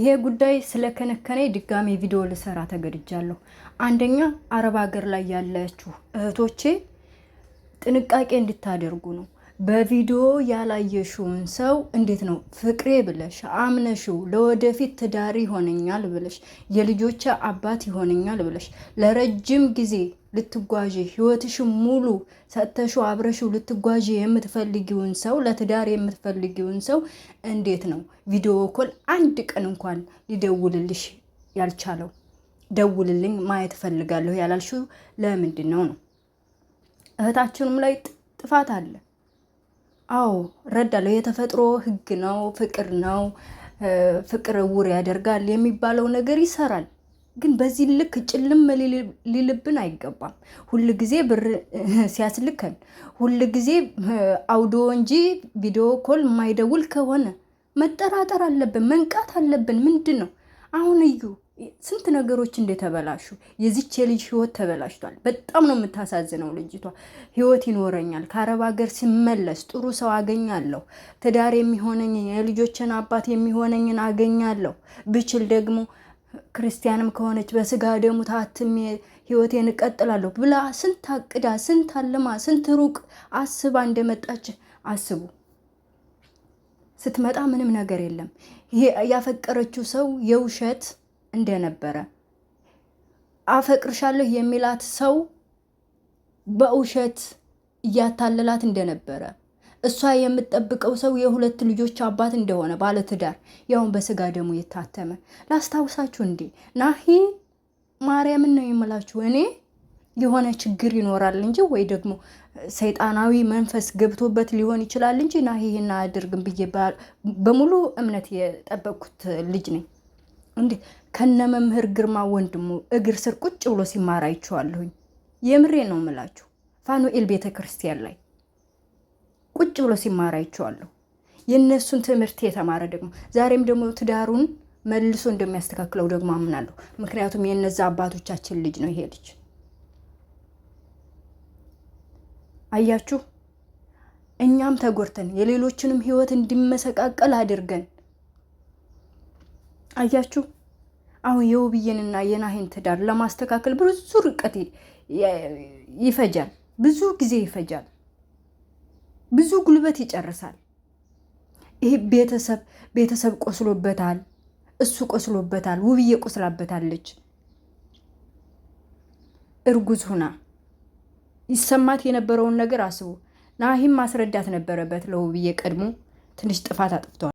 ይሄ ጉዳይ ስለከነከነኝ ድጋሜ ቪዲዮ ልሰራ ተገድጃለሁ። አንደኛ አረብ ሀገር ላይ ያላችሁ እህቶቼ ጥንቃቄ እንድታደርጉ ነው። በቪዲዮ ያላየሽውን ሰው እንዴት ነው ፍቅሬ ብለሽ አምነሽው ለወደፊት ትዳር ይሆነኛል ብለሽ የልጆች አባት ይሆነኛል ብለሽ ለረጅም ጊዜ ልትጓዥ ህይወትሽን ሙሉ ሰጥተሹ አብረሹ ልትጓዥ የምትፈልጊውን ሰው ለትዳር የምትፈልጊውን ሰው እንዴት ነው ቪዲዮ ኮል አንድ ቀን እንኳን ሊደውልልሽ ያልቻለው? ደውልልኝ ማየት እፈልጋለሁ ያላልሽው ለምንድን ነው ነው? እህታችንም ላይ ጥፋት አለ። አዎ እረዳለሁ። የተፈጥሮ ህግ ነው፣ ፍቅር ነው። ፍቅር እውር ያደርጋል የሚባለው ነገር ይሰራል። ግን በዚህ ልክ ጭልም ሊልብን አይገባም። ሁል ጊዜ ብር ሲያስልከን፣ ሁል ጊዜ አውዲዮ እንጂ ቪዲዮ ኮል የማይደውል ከሆነ መጠራጠር አለብን፣ መንቃት አለብን። ምንድን ነው አሁን እዩ ስንት ነገሮች እንደተበላሹ። የዚች የልጅ ህይወት ተበላሽቷል። በጣም ነው የምታሳዝነው ልጅቷ። ህይወት ይኖረኛል፣ ከአረብ ሀገር ሲመለስ ጥሩ ሰው አገኛለሁ፣ ትዳር የሚሆነኝን የልጆችን አባት የሚሆነኝን አገኛለሁ፣ ብችል ደግሞ ክርስቲያንም ከሆነች በስጋ ደሙ ታትሜ ህይወቴን እቀጥላለሁ ብላ ስንት አቅዳ ስንት አልማ ስንት ሩቅ አስባ እንደመጣች አስቡ። ስትመጣ ምንም ነገር የለም። ይሄ ያፈቀረችው ሰው የውሸት እንደነበረ አፈቅርሻለሁ የሚላት ሰው በውሸት እያታለላት እንደነበረ እሷ የምጠብቀው ሰው የሁለት ልጆች አባት እንደሆነ ባለትዳር ያውን በስጋ ደሙ የታተመ ላስታውሳችሁ እንዴ ናሂ ማርያምን ነው የምላችሁ እኔ የሆነ ችግር ይኖራል እንጂ ወይ ደግሞ ሰይጣናዊ መንፈስ ገብቶበት ሊሆን ይችላል እንጂ ናሂ ይህን አያደርግም ብዬ በሙሉ እምነት የጠበቅኩት ልጅ ነኝ። እንዴ ከነ መምህር ግርማ ወንድሙ እግር ስር ቁጭ ብሎ ሲማር አይቼዋለሁኝ። የምሬ ነው ምላችሁ ፋኑኤል ቤተ ክርስቲያን ላይ ቁጭ ብሎ ሲማር አይቼዋለሁ። የእነሱን ትምህርት የተማረ ደግሞ ዛሬም ደግሞ ትዳሩን መልሶ እንደሚያስተካክለው ደግሞ አምናለሁ። ምክንያቱም የነዛ አባቶቻችን ልጅ ነው ይሄ ልጅ። አያችሁ፣ እኛም ተጎድተን የሌሎችንም ህይወት እንዲመሰቃቀል አድርገን አያችሁ። አሁን የውብዬንና የናሄን ትዳር ለማስተካከል ብዙ ርቀት ይፈጃል፣ ብዙ ጊዜ ይፈጃል። ብዙ ጉልበት ይጨርሳል። ይሄ ቤተሰብ ቤተሰብ ቆስሎበታል፣ እሱ ቆስሎበታል፣ ውብዬ ቆስላበታለች። እርጉዝ ሁና ይሰማት የነበረውን ነገር አስቡ። ናሂም ማስረዳት ነበረበት ለውብዬ ቀድሞ ትንሽ ጥፋት አጥፍቷል።